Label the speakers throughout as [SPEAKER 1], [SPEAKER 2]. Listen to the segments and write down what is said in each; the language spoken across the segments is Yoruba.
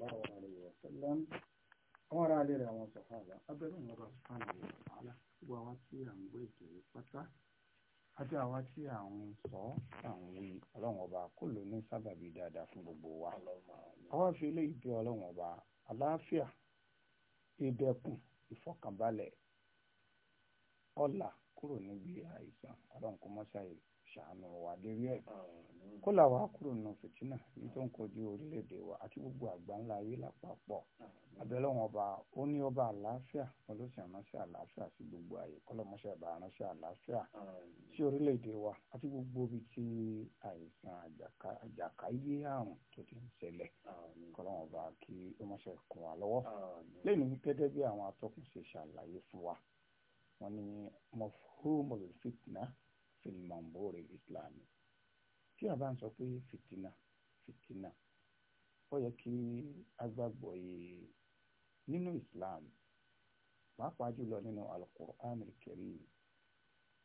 [SPEAKER 1] الله عليه وسلم àwọn ará alẹ́ rẹ̀ àwọn sọ̀fàdà abẹ́rẹ́ ìwọ̀n bá sùpánà rẹ̀ wàhálà gbogbo àwọn tí à ń sọ ọba gbogbo wa àwa fi eléyìí bí ọlọ́run ọba àlàáfíà ìdẹ̀kùn ìfọkànbalẹ̀ ọlà ṣàánú wa lérí ẹ̀ kó là wá kúrò nù fìtínà ní tó ń kojú orílẹ̀-èdè wa àti gbogbo àgbà ńlá ayé lápapọ̀ abẹ́lẹ́wọ̀n ọba ó ní ọba àlàáfíà wọn ló sì ránṣẹ́ àlàáfíà sí gbogbo ààyè kọ́lọ́mọṣẹ́ bá ránṣẹ́ àlàáfíà sí orílẹ̀-èdè wa àti gbogbo ibi tí àìsàn àjàkáyé àrùn tó ti ń ṣẹlẹ̀ kọ́lọ́wọ̀n ọba kí ó mọṣẹ́ kún wa lọ́wọ́ lẹ́nu gẹ́gẹ́ bí àwọn atọ́kùn ṣàlàyé fún wa wọn ni mọ̀fúrúmọ̀lù fìtínà fìlìmọ̀nbóore ìsìláàmù tí a bá ń sọ pé fìtínà fìtínà ó yẹ kí a yìí nínú islam pàápàá jùlọ nínú al-Qur'an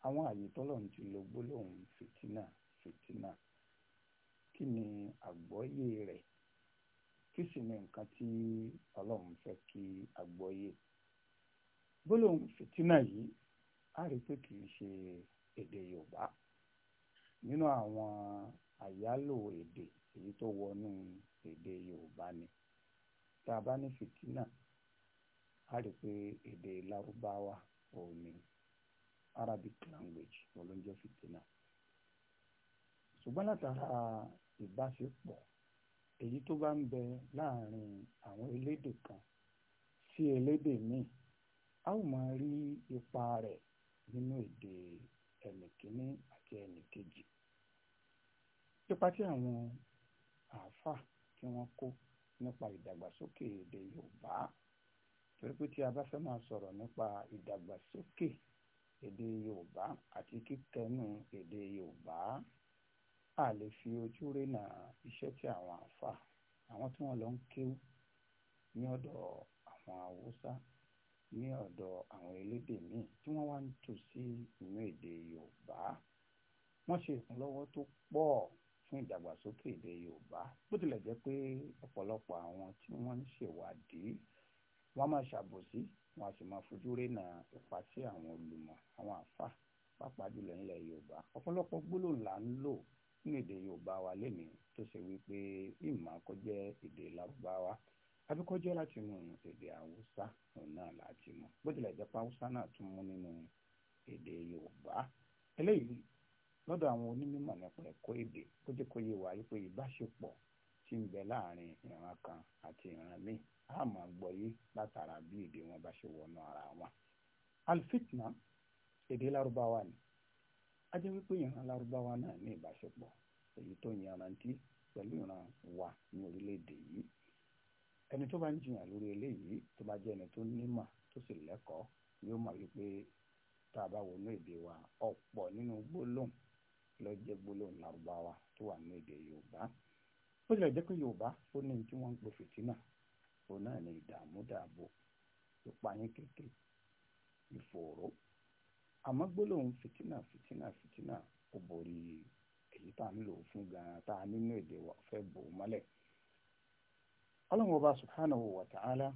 [SPEAKER 1] àwọn àyè tọ́lọ̀ ti lo gbólóhùn fìtínà fìtínà kí ni àgbọ́yé rẹ̀ kí sì ni nǹkan tí ọlọ́run fẹ́ kí àgbọ́yé gbólóhùn fìtínà yìí a rí pé kì í ṣe èdè Yorùbá nínú àwọn àyálò èdè èyí tó wọnú èdè Yorùbá ni tá a bá ní fìtínà a rí pé èdè Lárúbáwá òun Arabic language òun ló ń jẹ́ fìtínà ṣùgbọ́n látara ìbáṣepọ̀ èyí tó bá ń bẹ láàrin àwọn elédè kan sí elédè míì a ó máa rí ipa rẹ̀ nínú èdè ẹnì kíní àti ẹnì kejì ipa tí àwọn àáfàá tí wọ́n kó nípa ìdàgbàsókè èdè Yorùbá torí pé tí a bá fẹ́ máa sọ̀rọ̀ nípa ìdàgbàsókè èdè Yorùbá àti kíkẹ́nu èdè Yorùbá a lè fi ojú rènà iṣẹ́ tí àwọn àáfàá àwọn tí wọ́n lọ ń kéwú ní ọ̀dọ̀ àwọn Haúsá ní ọ̀dọ̀ àwọn elédè míì tí wọ́n wá ń tù sí inú èdè yorùbá wọ́n ṣe ìkúnlọ́wọ́ tó pọ̀ fún ìdàgbàsókè èdè yorùbá bó tilẹ̀ jẹ́ pé ọ̀pọ̀lọpọ̀ àwọn tí wọ́n ń ṣèwádìí wọ́n máa ṣàbòsí wọ́n á sì máa fojú rénà ipa tí àwọn olùmọ̀ àwọn àfa pàápàá jùlọ nílẹ̀ yorùbá ọ̀pọ̀lọpọ̀ gbólóhùn là ń lò nínú èdè yorùbá wa lénìí tó ṣe wípé ìmọ̀ àkọ́jẹ́ èdè lárúbáwá abíkọ́jẹ́ láti mú èdè haúsá náà láti mú bó tilẹ̀ jẹ́ pé haúsá náà tún mú nínú èdè yorùbá eléyìí lọ́dọ̀ àwọn onímọ̀ nípa ẹ̀kọ́ èdè ó jẹ́ kó yé wa wípé ìbáṣepọ̀ tí ń bẹ láàrin ìran kan àti ìran míì á máa gbọ́yé látara bí èdè wọn bá ṣe wọnú ara wọn. alfitna èdè lárúbáwá ni a jẹ́ wípé ìran lárúbáwá náà ní ìbáṣepọ̀ èyí tó yanrantí pẹ̀lú ìran wa ní orílẹ̀-èdè yìí ẹni tó bá ń jiyàn lórí eléyìí tó bá jẹ́ ẹni tó nímọ̀ tó sì lẹ́kọ̀ọ́ yóò mọ̀ wípé tá a bá wọnú èdè wa ọ̀pọ̀ nínú gbólóhùn ló jẹ́ gbólóhùn lárúbáwá tó wà nínú èdè yorùbá ó lè jẹ́ pé yorùbá ó ní tí wọ́n ń pe fìtínà òun náà ní ìdààmú dààbò ìpayín kéèké ìfòòró àmọ́ gbólóhùn fìtínà fìtínà fìtínà ó borí èyí tá à ń fún gan-an tá a nínú èdè wa fẹ́ bò ó mọ́lẹ̀ ọlọ́run ọba subhanahu wa ta'ala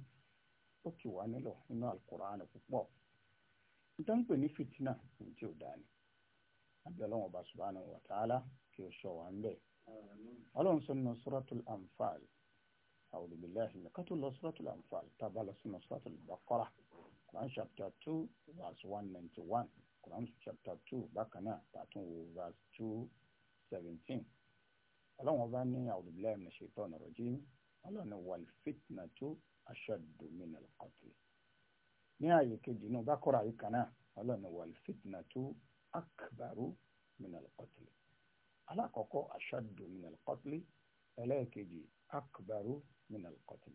[SPEAKER 1] ó kì wá nílò nínú alukur'an púpọ̀ nítorí ń pè ní fitina ní tí ò dání àbí ọlọ́run ọba subhanahu wa ta'ala kì í sọ wá ń bẹ̀. ọlọ́run sọ nínú suratul anfal a'udhu billahi ní ká tó lọ suratul anfal tá a bá baqara quran chapter two verse one quran chapter two bákan náà tààtún wo verse two seventeen ọlọ́run ọba a'udhu billahi minash shaitanir rajim ọlọ́ni wal fitnatu ashaddu minal qatl ní ààyè kejì inú bákọ́rọ̀ àyíká náà ọlọ́ni wal fitnatu akbaru minal qatl alákọ̀ọ́kọ́ ashaddu minal qatl ẹlẹ́ẹ̀kejì akbaru minal qatl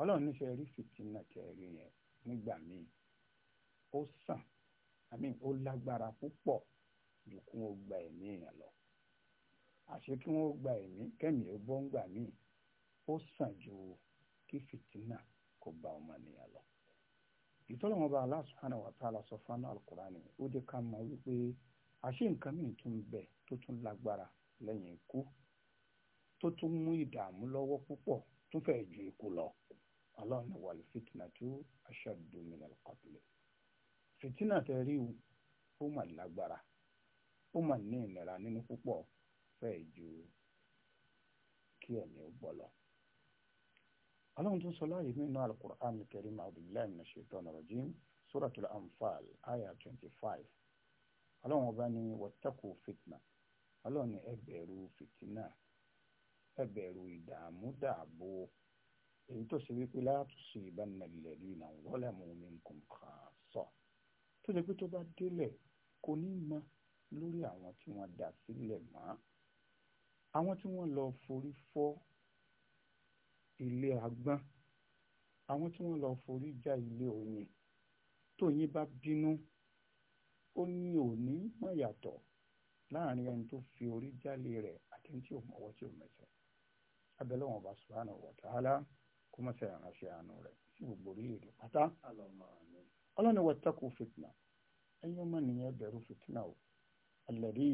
[SPEAKER 1] ọlọ́run ní ṣe rí fìtínà kẹrin yẹn nígbà míì ó sàn àmì ó lágbára púpọ̀ ju kí wọ́n gba ẹ̀mí yẹn lọ àṣé kí wọ́n gba ẹ̀mí kẹ́mi ó bọ́ ń gbà míì ó sàn ju kí fìtínà kó bá ọmọnìyàn lọ ìtọ́lọ́wọ́n bá Allah subhanahu wa ta'ala sọ fún Al-Qur'ani ó dé ká mọ̀ wípé àṣé nǹkan mìíràn tún bẹ tó tún lágbára lẹ́yìn ikú tó tún mú ìdààmú lọ́wọ́ púpọ̀ tó fẹ́ ju ikú lọ Allah ní wal fitnatu ashaddu minal qatl fìtínà tẹ rí o ọlọ́run tó ń sọ láàyè nínú al-Qur'an al-Karim a'udhu billahi minash shaitani rajim suratul Anfal aya twenty five ọlọ́run ọba ní wattaqu fitna ọlọ́run ní ẹ bẹ̀rù fìtínà ẹ bẹ̀rù ìdààmú dààbò èyí tó ṣe wípé la tusibanna alladhina zalamu minkum khassa tó ṣe pé tó bá délẹ̀ kò ní mọ lórí àwọn tí wọ́n dà sílẹ̀ mọ́ àwọn tí wọ́n lọ forí fọ́ ilé àgbọn àwọn tí wọ́n lọ forí já ilé Oyin Tóyin bá bínú ó ní òní mọ̀ yàtọ̀ láàrin ẹni tó fi orí jálè rẹ̀ àti ẹni tí ò mọwọ́ tí ò mẹsẹ̀ abẹ́lẹ́ wọn bá subhanahu wa ta'ala kó mọ̀ sẹ́yìn ránṣẹ́ àánú rẹ̀ sí gbogbo orílẹ̀-èdè pátá. ọlọ́ni wattaqu fitna ẹ̀yin ọmọ nìyẹn bẹ̀rù fitna o alladhi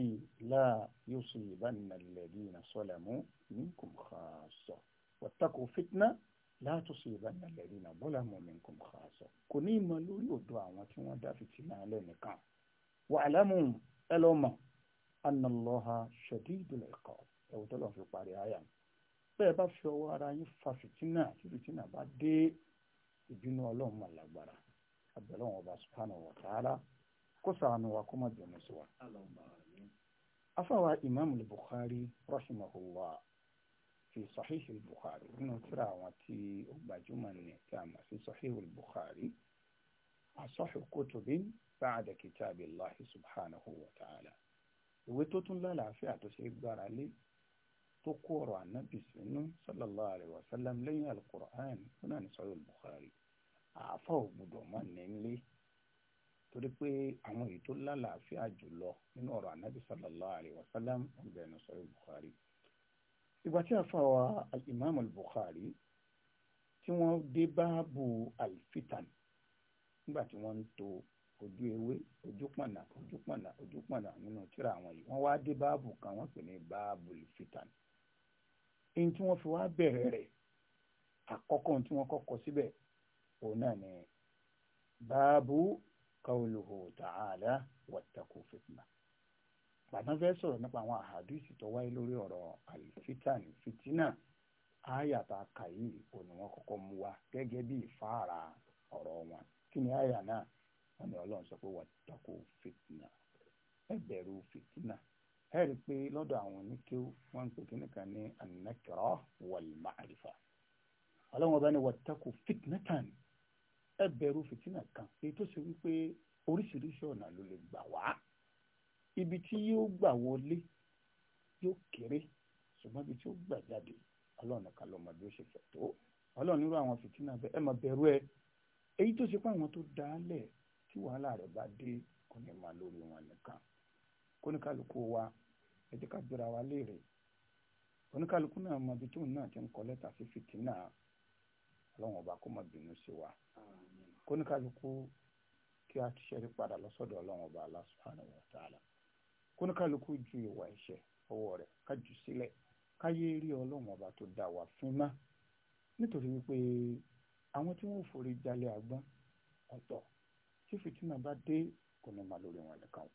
[SPEAKER 1] la yusibanna alladhina zalamu minkum khassa wattaqu fitna la tusibanna alladhina zalamu minkum khassa kò ní ìmọ̀ lórí ọ̀dọ̀ àwọn tí wọ́n dá fìtínà lẹ́nìkan wa'lamu ẹ lọ́ mọ̀ anna Allaha shadidul iqab ẹ̀wọ̀n tó lọ́n fi parí àyà bẹ́ẹ̀ bá fi ọwọ́ ara yín fa fìtínà tí fìtínà bá dé ìbínú ọlọ́run mà lágbára abẹ́lẹ́wọ̀n ọba subhanahu wa ta'ala kó ṣàánú wa kó má jẹun sí wa. afáwa imaamu Bukhari rahimahullah fi Sahih al-Bukhari nínú tíra àwọn tí ó gbajúmọ̀ ní tí a mọ̀ sí Sahih al-Bukhari asahhu kutubin ba'da kitabillahi subhanahu wa ta'ala ìwé tó tún lálàáfíà tó ṣe gbára lé tó kó ọ̀rọ̀ ànábì sínú sallallahu alayhi wa sallam lẹ́yìn al-Qur'an nínú ní Sahih al-Bukhari àáfà ò mọ̀ nílé torí pé àwọn èyí tó lálàáfíà jùlọ nínú ọ̀rọ̀ ànábì sallallahu alayhi wa sallam ọ̀gbẹ́ni Sahih bukhari ìgbà tí a fàwa al-imam al-bukhari tí wọ́n dé báàbù al-fitan nígbà tí wọ́n ń to ojú ewé ojú pọ̀nà ojú pọ̀nà ojú pọ̀nà nínú tírà àwọn yìí wọ́n wá dé báàbù kan wọ́n pè ní báàbù al-fitan èyí tí wọ́n fi wá bẹ̀rẹ̀ rẹ̀ àkọ́kọ́ tí wọ́n kọ́kọ́ síbẹ̀ òun náà ni báàbù qawluhu ta'ala wattaqu fitna. gbàdán fẹ́ sọ̀rọ̀ nípa àwọn àhàdíìsì tó wáyé lórí ọ̀rọ̀ àlìfítàní a kà mú wa gẹ́gẹ́ bí ìfáàrà ọ̀rọ̀ wọn kí ni àyà náà wọn ni Ọlọ́run sọ pé wà tako fìtínà ẹ bẹ̀rù fìtínà ẹ rí i ni wà tako kan èyí tó ṣe wípé oríṣiríṣi ọ̀nà ló lè gbà ibi tí yóò gbà wọlé yóò kéré ṣùgbọ́n ibi tí ó gbà jáde ọlọ́run nìkan ló mọ bí ó ṣe fẹ̀ tó ọlọ́run nírú àwọn fìtínà bẹ́ẹ̀ ẹ má bẹ̀rù ẹ èyí tó ṣe pé àwọn tó dálẹ̀ tí wàhálà rẹ̀ bá dé kò ní máa lórí wọn nìkan kóníkàlùkù wa ẹ jẹ́ ká gbéra wa léèrè oníkàlùkù náà mọ ibi tóun náà ti ń kọ lẹ́tà sí fìtínà ọlọ́run ọba kó má bínú sí wa kóníkàlùkù kí a ṣẹ́rí padà lọ́sọ̀dọ̀ ọlọ́run ọba Allah subhanahu wa ta'ala oníkálukú ju ìwà ẹ̀ṣẹ̀ ọwọ́ rẹ̀ ká jù sílẹ̀ káyé rí ọlọ́run ọba tó dá wa fún mọ́ nítorí wípé àwọn tí wọ́n forí jalè àgbọn ọ̀tọ̀ tí fìtínà bá dé kò ní máa lórí wọn nìkan.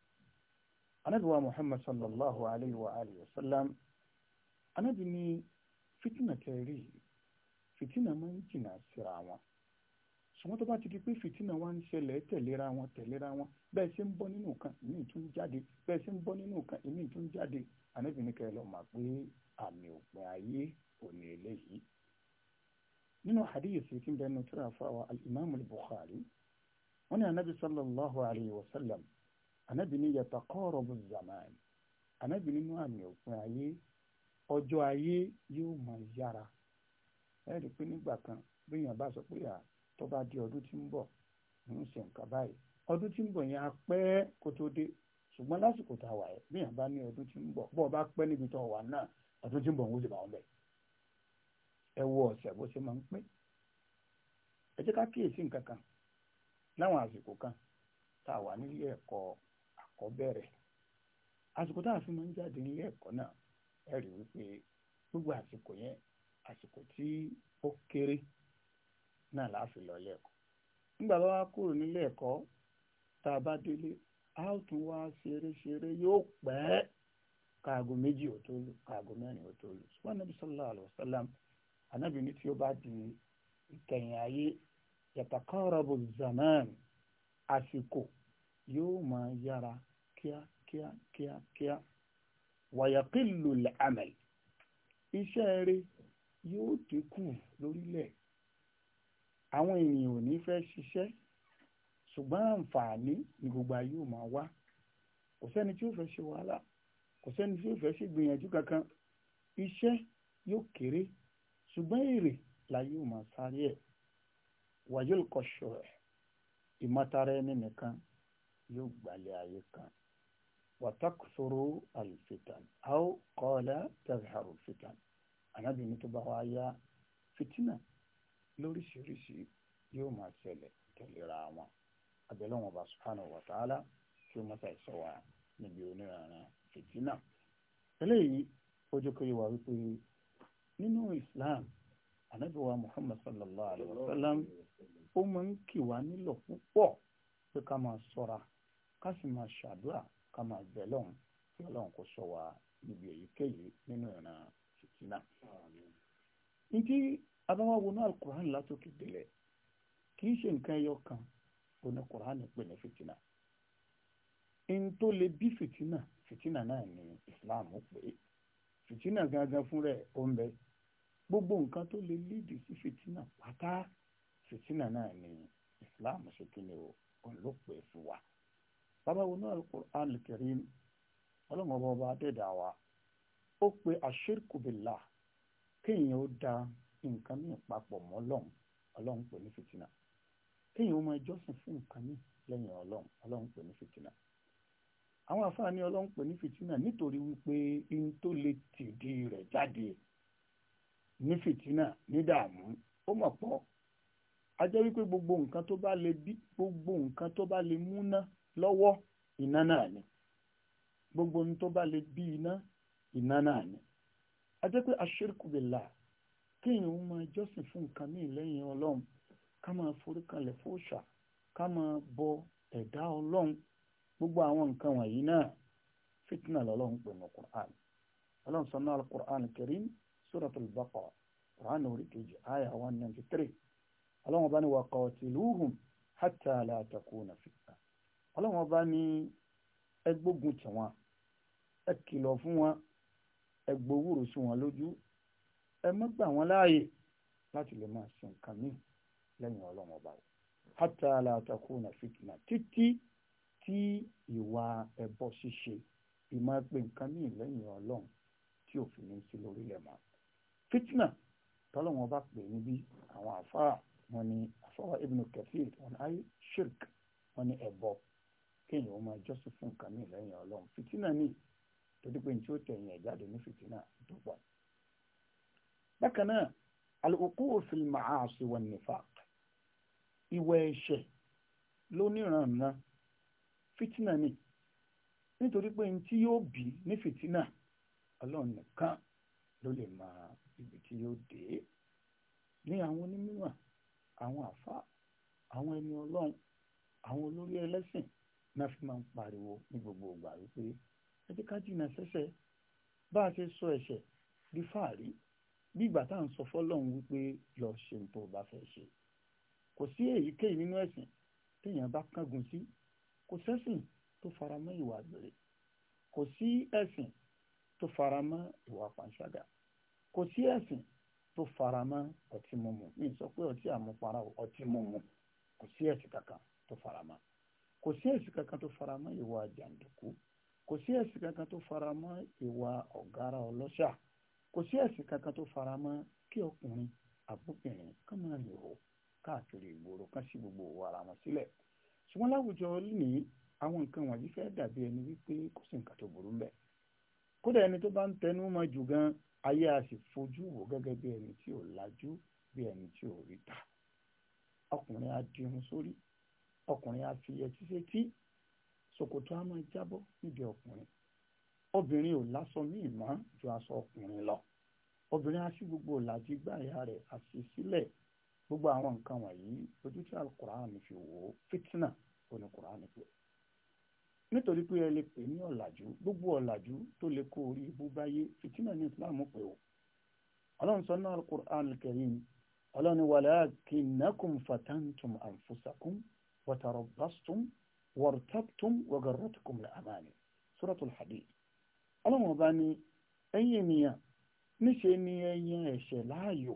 [SPEAKER 1] anábìwá muhammad sallallahu alayhi wa alayhi wa sallam anábì ní fìtínà tẹ̀rí fìtínà máa ń jìnnà síra wọn ṣùgbọ́n tó bá ti di pé fìtínà wa ń ṣẹlẹ̀ tẹ̀léra wọn tẹ̀léra wọn bẹ́ẹ̀ ṣe ń bọ́ nínú kan ìmí tún jáde bẹ́ẹ̀ ṣe ń bọ́ nínú kan ìmí tún jáde ànábì ní lọ mà pé àmì òpin ayé òní eléyìí. nínú hadith tí ń bẹ nu tíra fáwa al-imam al wọn ní ànábì sallallahu alayhi wa sallam ànábì ní yataqarabu zaman ànábì nínú àmì òpin ayé ọjọ́ ayé yóò máa yára ẹ̀rí pé nígbà kan bí èèyàn bá sọ pé à tó bá di ọdún tí ń bọ̀ ń ṣe nǹkan báyìí ọdún tí ń bọ̀ yẹn á pẹ́ kó tó dé ṣùgbọ́n lásìkò tá a wà yẹn bí yàn bá ní ọdún tí ń bọ̀ ọ bá pẹ́ níbi tó wà náà ọdún tí ń bọ̀ ń wúlò báwọn bẹ̀ ẹ wípé gbogbo àsìkò yẹn àsìkò tí náà láàfin lọ ilé ẹ̀kọ́ nígbà bá wá kúrò nílé ẹ̀kọ́ tá a bá délé a ó tún wá ṣeré ṣeré yóò pẹ́ kaago méjì ò tó lù kaago mẹ́rin ò tó lù ṣùgbọ́n anabi sallallahu alayhi wa sallam anabi ní tí ó bá di ìkẹyìn ayé yàtàkọ́rọ̀bù zaman àsìkò yóò máa àwọn ènìyàn ò ní fẹ́ ṣiṣẹ́ ṣùgbọ́n àǹfààní ni gbogbo ayé ò máa wá kò sẹ́ni tí ó fẹ́ ṣe wàhálà kò sẹ́ni tí ó fẹ́ ṣe gbìyànjú kankan iṣẹ́ yóò kéré ṣùgbọ́n èrè láyé ò máa sáré ẹ̀ wàyí olùkọ́ṣọ́ ẹ̀ ìmọ̀tara ẹni nìkan yóò gbalẹ̀ ayé kan wàtàkùsọ̀rọ̀ àlùfẹ́tàn ní alukur'an látòkè délẹ̀ kì ṣe nǹkan ẹyọ kan òní kur'an pè ní fìtínà n tó lè bí fìtínà fìtínà náà ní islam pé fìtínà gangan fún ó ń gbogbo nǹkan tó lè léèdì sí fìtínà pátá fìtínà náà ní islam ṣe kí ni o òun ló pè fún wa bàbá wo náà ọba adẹ́dàá wa ó pe nǹkan míì papọ̀ mọ́ ọlọ́run ọlọ́run pè ní fìtínà kéèyàn máa jọ́sìn fún nǹkan míì lẹ́yìn ọlọ́run ọlọ́run pè ní fìtínà àwọn àfáà ní ọlọ́run pè ní fìtínà nítorí wípé in tó lè tìdí rẹ̀ jáde a jẹ́ wípé gbogbo nǹkan tó bá lè bí gbogbo nǹkan tó bá lè múná lọ́wọ́ gbogbo ohun tó bá lè bí kéèyàn ó máa jọ́sìn fún nǹkan míì lẹ́yìn ọlọ́run ká máa foríkalẹ̀ fóòṣà ká máa bọ ẹ̀dá ọlọ́run gbogbo àwọn nǹkan wọ̀nyí náà fitna lọ́lọ́run pè ní Qur'an ọlọ́run sọ náà Qur'an Karim Suratul Baqara Qur'an orí kejì aya one ninety three ọlọ́run bá ní wa qatiluhum hatta la takuna fitna ọlọ́run bá ní ẹ gbógun ẹ kìlọ̀ fún wọn ẹ sí wọn lójú ẹ má gbà wọ́n láàyè láti lè máa sin nǹkan míì lẹ́yìn ọlọ́run ọba rẹ̀ hátà alátakùnà fìtìnà títí tí ìwà ẹbọ ṣíṣe ìmọ̀ pé nǹkan míì lẹ́yìn ọlọ́run tí òfin ní sí lórílẹ̀ mọ́ fìtìnà tọ́lọ́run ọba pè níbi àwọn àfáà wọn ni àfáà ibn Kathir wọn ni ayé shirk wọn ni ẹbọ kéèyàn ó máa jọ́sìn fún nǹkan míì lẹ́yìn ọlọ́run fìtìnà ni torí pé ní tí ó tẹ̀yìn ẹ̀ jáde ní fìtìnà tó bákan náà al-wuqu' fil ma'asi wan nifaq ìwà ẹ̀ṣẹ̀ lóníranran fìtínà ni nítorí pé ní tí yóò bí ní fìtínà ọlọ́run nìkan ló lè mọ ibi tí yóò dé ní àwọn onímọ̀ àwọn àfa àwọn ẹni ọlọ́run àwọn olórí ẹlẹ́sìn náà fi máa ń pariwo ní gbogbo ìgbà wípé ẹ ká jìnnà sẹ́sẹ̀ bá a ṣe sọ ẹ̀ṣẹ̀ di fáàrí bí ìgbà tá à ń sọ fọ́lọ́run wípé lọ ṣe tó o bá fẹ́ ṣe kò sí èyíkéyìí nínú ẹ̀sìn téèyàn bá kángun sí kò sẹ́sìn tó fara mọ́ ìwà àgbèrè kò sí ẹ̀sìn tó fara mọ́ ìwà pàǹṣágà kò sí ẹ̀sìn tó fara mọ́ ọtí mímu mi sọ pé ọtí àmupara ọtí mímu kò sí ẹ̀sìn kankan tó fara mọ́ kò sí ẹ̀sìn kankan tó fara mọ́ ìwà jàǹdùkú kò sí ẹ̀sìn kankan tó fara mọ́ ìwà ọ̀gára ọlọ́ṣà kò sí ẹ̀sìn kankan tó fara mọ́ kí ọkùnrin àbúkìnrin kán máa lò ó káàkiri ìgboro kán sí gbogbo òwò ara wọn sílẹ̀ ṣùgbọ́n láwùjọ ní àwọn nǹkan wọ̀nyí fẹ́ dàbí ẹni wípé kò sí nǹkan tó burú bẹ́ẹ̀ kódà ẹni tó bá ń tẹnu mọ́ jù gan ayé a sì fojú wò gẹ́gẹ́ bí ẹni tí ò lajú bí ẹni tí ò rí ta ọkùnrin á dirun sórí ọkùnrin á fi ẹtí sétí ṣòkòtò á máa jábọ́ níbi ọkùnrin obìnrin ò lásán ní ìmọ̀ ju aṣọ ọkùnrin lọ obìnrin á sí gbogbo làjí gbáyà rẹ̀ àti sílẹ̀ gbogbo àwọn nǹkan wọ̀nyí ojú tí alukur'an fi wò ó fitna oníkur'an pé nítorí pé ẹ lè pè ní ọ̀làjú gbogbo ọ̀làjú tó lè kó orí ibú báyé fitna ní islam pé o ọlọ́run sọ náà alukur'an karim ọlọ́run walakinnakum fatantum anfusakum wa tarabbastum wartabtum wa garratkum al-amani ọlọ́run ọba ni ẹ̀yin ènìyàn níṣe ni ẹ̀yin ẹ̀ṣẹ̀ láàyò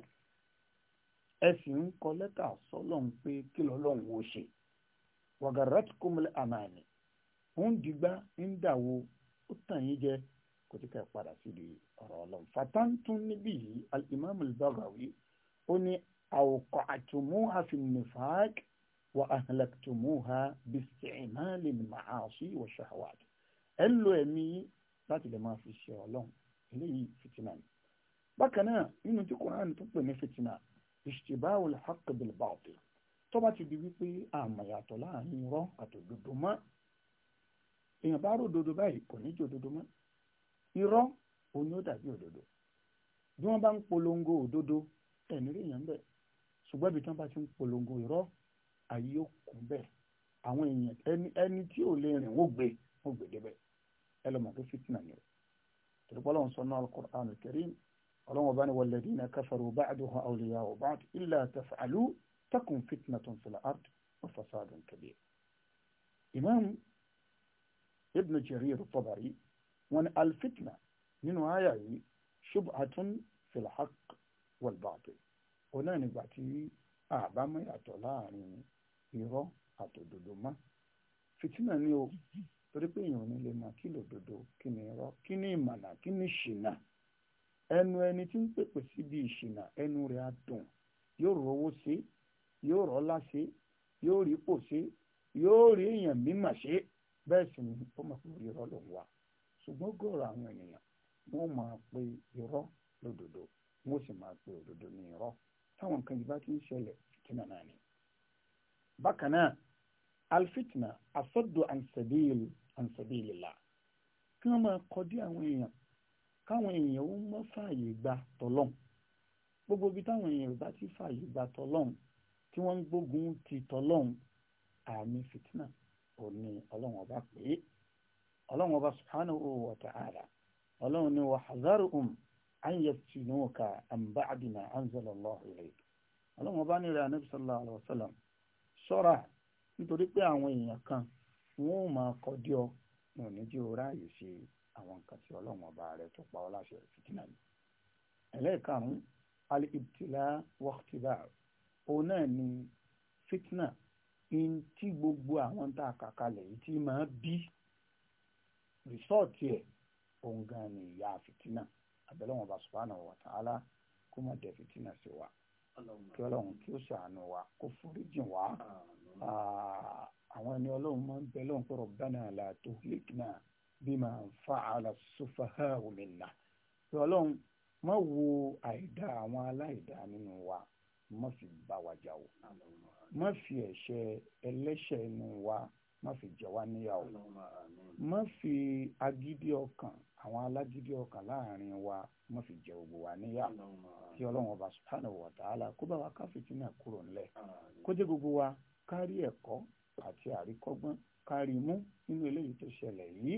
[SPEAKER 1] ẹ sì ń kọ lẹ́tà sọ́lọ́run pé kí lọ́lọ́run ó ṣe wàgàràtìkùmùlẹ̀ àmàlẹ̀ òun dìgbà ń dàwó ó tàn yín jẹ kò tí ká padà síbi ọ̀rọ̀ ọlọ́run fatantun níbí yìí al-imam al-Baghawi ó ní awqa'tumuha fi nifaq wa ahlaktumuha bi isti'mal al-ma'asi wa shahawat ẹ lo ẹ̀mí láti lè máa fi ṣe ọlọ́run eléyìí fìtínà ni bákan náà nínú tí Kùránì tó pè ní fìtínà ìṣèbáwòlè haqqi-bil-bāṭil tó bá ti di wípé àmọ̀yàtọ̀ láàrin irọ́ àtòdodo mọ́ èèyàn bá rò dodo báyìí kò ní jò dodo mọ́ irọ́ òun yóò dàbí òdodo bí wọ́n bá ń polongo òdodo ẹ̀mí rí èèyàn bẹ́ẹ̀ ṣùgbọ́n ibi tí wọ́n bá ti ń polongo irọ́ ayé ó kún bẹ́ẹ̀ àwọn èèyàn ẹni tí ò lè rìn wó gbé sọ́nà alukur'an karim ọlọ́wọ́n bá ní walladhina kafaru ba'duhum awliya'u ba'd illa taf'alu takun fitnatun fil ard wa fasadun kabir. imam ibn jarir tabari wọn alfitna nínú àyà yìí shubhatun fil haqq wal batil òun náà nígbà tí àbámọ̀ yàtọ̀ láàrin irọ́ àtòdodo mọ́ fitina ni o torí pé èèyàn ní lè máa kí lòdodo kí ni irọ́ kí ni ìmọ̀nà kí ni ìṣìnà ẹnu ẹni tí ń pèpè síbi ìṣìnà ẹnu rẹ̀ á dùn yóò rówó sí yóò rọ́lá sí yóò rí pò sí yóò rí èèyàn mímọ̀ sí bẹ́ẹ̀ sì ni ó mọ̀ pé irọ́ ló ń wà ṣùgbọ́n gọ̀ọ̀rọ̀ àwọn ènìyàn wọ́n máa pe irọ́ lòdodo wọ́n sì máa pe òdodo ní irọ́ táwọn nǹkan yìí bá ti ń ṣẹlẹ̀ fìtínà náà ni. bákan náà alfitna asọ́dọ̀ ansẹ̀bíyìlì an sabilillah kí wọ́n máa kọdí àwọn èèyàn káwọn èèyàn ó mọ́ fààyè gba tọ́lọ́n gbogbo ibi táwọn èèyàn bá ti fààyè gba tọ́lọ́n tí wọ́n ń gbógun ti tọ́lọ́n àmì fìtínà ò ní ọlọ́run ọba pé ọlọ́run ọba subhanahu wa ta'ala ọlọ́run ni wa hazaruhum an yaftinuka an ba'di ma anzalallahu ilayk ọlọ́run ọba nílẹ̀ anabi sallallahu alayhi wa nítorí pé àwọn èèyàn kan wọn ò máa kọjú ọ wọn ò ní jẹ́ o ráàyè ṣe àwọn nǹkan tí ọlọ́run ọba rẹ tó pa ọ láṣẹ fìtínà yìí ẹlẹ́ẹ̀karùn-ún alìbtìlá wọ́ọ̀tìlá òun náà ni fìtínà in tí gbogbo àwọn tá a kà kalẹ̀ yìí tí máa bí rìsọ́ọ̀tì ẹ̀ òun gan ni ìyá fìtínà àbẹ̀lẹ́wọ̀n ọba subhanahu wa ta'ala kó má dẹ fìtínà sí wa kí ọlọ́run kí ó ṣàánú wa kó foríjìn wa àwọn ẹni ọlọ́run máa ń bẹ lọ́n pọ̀rọ̀ bánà la tuhlikna bima fa'ala sufaha'u minna pé ọlọ́run má wo àìdá àwọn aláìdá nínú wa má fi bá wa jà o má fi ẹ̀ṣẹ̀ ẹlẹ́ṣẹ̀ inú wa má fi jẹ wá níyàwó má fi agídí ọkàn àwọn alágídí ọkàn láàrin wa má fi jẹ gbogbo wa níyà kí ọlọ́run ọba subhanahu wa ta'ala kó bá wa ká fìtínà kúrò ńlẹ̀ kó jẹ́ gbogbo wa kárí ẹ̀kọ́ àti àríkọ́gbọ́n kárí mú nínú eléyìí tó ṣẹlẹ̀ yìí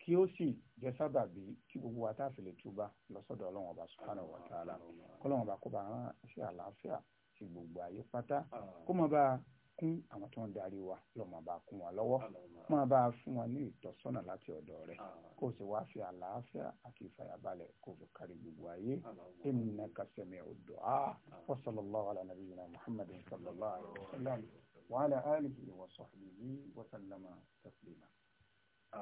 [SPEAKER 1] kí ó sì jẹ́ sábàbí kí gbogbo wa táà fi lè túbà lọ́sọ̀dọ̀ ọlọ́run ọba subhanahu wa ta'ala kọ́lọ́run ọba kó bá rán sí àlàáfíà sí gbogbo ayé pátá kó mọ́ bá kún àwọn tó ń darí wa lọ́mọ bá kún wa lọ́wọ́ máa bá fún wa ní ìtọ́sọ́nà láti ọ̀dọ̀ rẹ̀ kó o sì wá fi àlàáfíà àti ìfàyàbalẹ̀ kó o fi kárí gbogbo ayé innaka sami'ud du'a wa sallallahu ala nabiyyina muhammadin sallallahu alaihi wa sallam. وعلى آله وصحبه وسلم تسليما